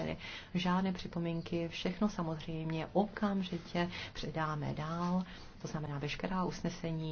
tedy žádné připomínky, všechno samozřejmě okamžitě předáme dál, to znamená veškerá usnesení